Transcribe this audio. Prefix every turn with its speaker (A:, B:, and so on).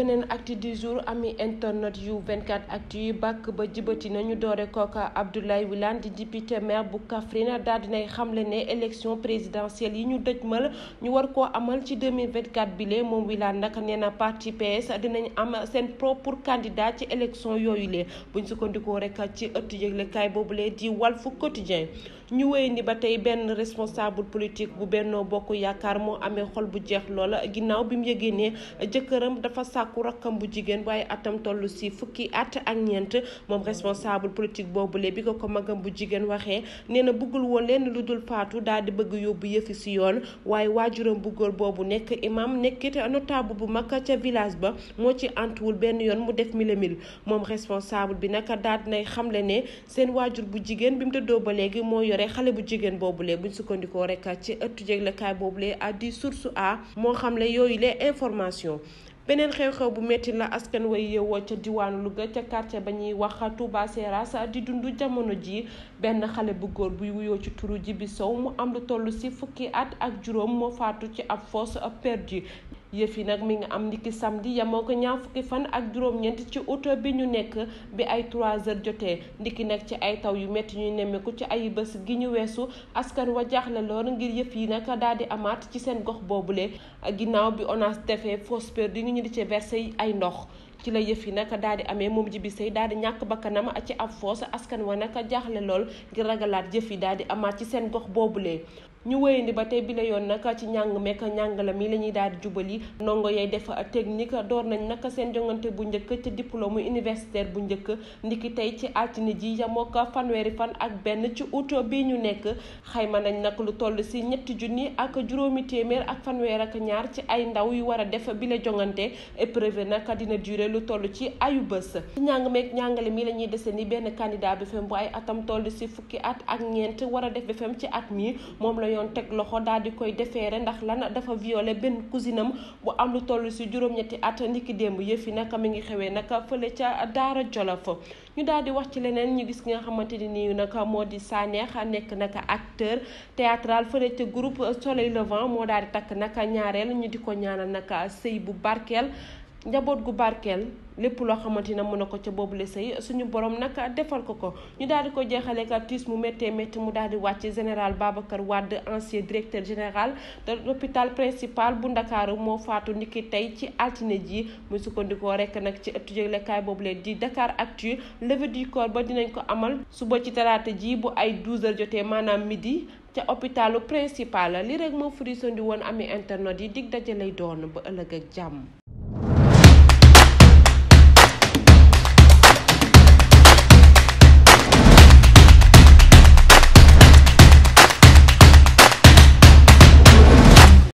A: beneen actu du jour ami internet yu 24 actu yi bàkk ba jibati nañu doore kooka Abdoulaye Wilane di député maire bu Kaffrine daal dinay xamle ne élection présidentielle yi ñu dëjmal ñu war koo amal ci 2024 bile moom Wilane naka nee na parti PS dinañ am seen propre candidat ci élection yooyu lee buñ sukkandikoo rek ci ëtt yëglekaay boobule di Walf Quotidien ñu wéy ni ba tey benn responsable politique bu Benno Bokk Yaakaar moo amee xol bu jeex loola ginnaaw bi mu yëgee ne sàkku rakkam bu jigéen waaye atam tollu si fukki at ak ñeent moom responsable politique lee bi ko ko magam bu jigéen waxee nee na bëggul woon lenn lu dul faatu daal bëgg yóbbu yëfi si yoon waaye waajuram bu góor boobu nekk imam nekkit notable bu mag ca village ba moo ci antuwul benn yoon mu def milimil moom responsable bi naka daal nay xamle ne seen waajur bu jigéen bi mu dëddoo ba léegi moo yore xale bu jigéen boobule buñ sukkandikoo rek ci ëttu jéglekaay boobule di source a moo xamle yooyu les informations beneen xew-xew bu metti la askan way yeewoo ca diwaanu Louga ca quartier ba ñuy wax Touba Seras di dundu jamono ji benn xale bu góor buy wuyoo ci turu Jibi Sow mu am lu toll si fukki at ak juróom moo faatu ci ab fosse perdue yëf yi nag mi ngi am ndiki samedi yemoo ko ñaar fukki fan ak juróom-ñeent ci auto bi ñu nekk bi ay 3 heures jotee ndikki nag ci ay taw yu métti ñuy nemmeeku ci ay bés gi ñu weesu askan wa jaaxle lool ngir yëf yi nag daal di amaat ci seen gox boobule ginnaaw bi ONAS defee fausse peur di ñu di ci versé ay ndox. ci la yëf yi naka daal di amee moom Djiby Sèye daal di ñàkk bakkanam ci ab foos askan wa nag jaaxle lool ngir ragalaat yëf yi daal di amaat ci seen gox boobu boobulee ñu wéyandi ba tey bi la yoon nag ci ñàng mekk ñàngala mi la ñuy daal di jubali ndongo yay def technique door nañ nag seen jongante bu njëkk ci diplôme universitaire bu njëkk ndiki tey ci altine ji yamoo ko fanweeri fan ak benn ci août bi ñu nekk xayma nañ nag lu toll si ñetti junni ak juróomi téeméer ak fanweer ak ñaar ci ay ndaw yu war a def bi jongante lu toll ci ayu bës ci njàng meeg njàngale mii la ñuy dese ni benn candidat BFEM bu ay atam si fukki at ak ñeent war a def BFEM ci at mi moom la yoon teg loxo daal di koy defeere ndax lan dafa violé benn cousinam bu am lu toll si juróom-ñetti démb yëf yi naka mi ngi xewee naka fële ca Daara Jolof ñu daal di wax ci leneen ñu gis ki nga xamante ni nii naka moo di Sanex nekk naka acteur théâtral fële ca groupe Soleil Levant moo daal di takk naka ñaareel ñu di ko ñaanal naka sëy bu barkeel njaboot gu barkeel lépp loo xamante ne mën na ko ca boobule sëy suñu borom nag defal ko ko ñu daal di ko jeexalee ak tiis mu méttee métti mu daal di wàcc général Babacar Wade ancien directeur général de l'hôpital principal bu Ndakaaru moo faatu niki tey ci altine ji mu sukkandikoo rek nag ci ëttu yëglekaay boobu leen di Dakar Actu levée du corps ba dinañ ko amal suba ci talaata ji bu ay 12 jotee maanaam midi ca hôpitalu principal li rek moo furi sondi woon ami internet yi dig daje lay doon ba ëllëg ak jàmm.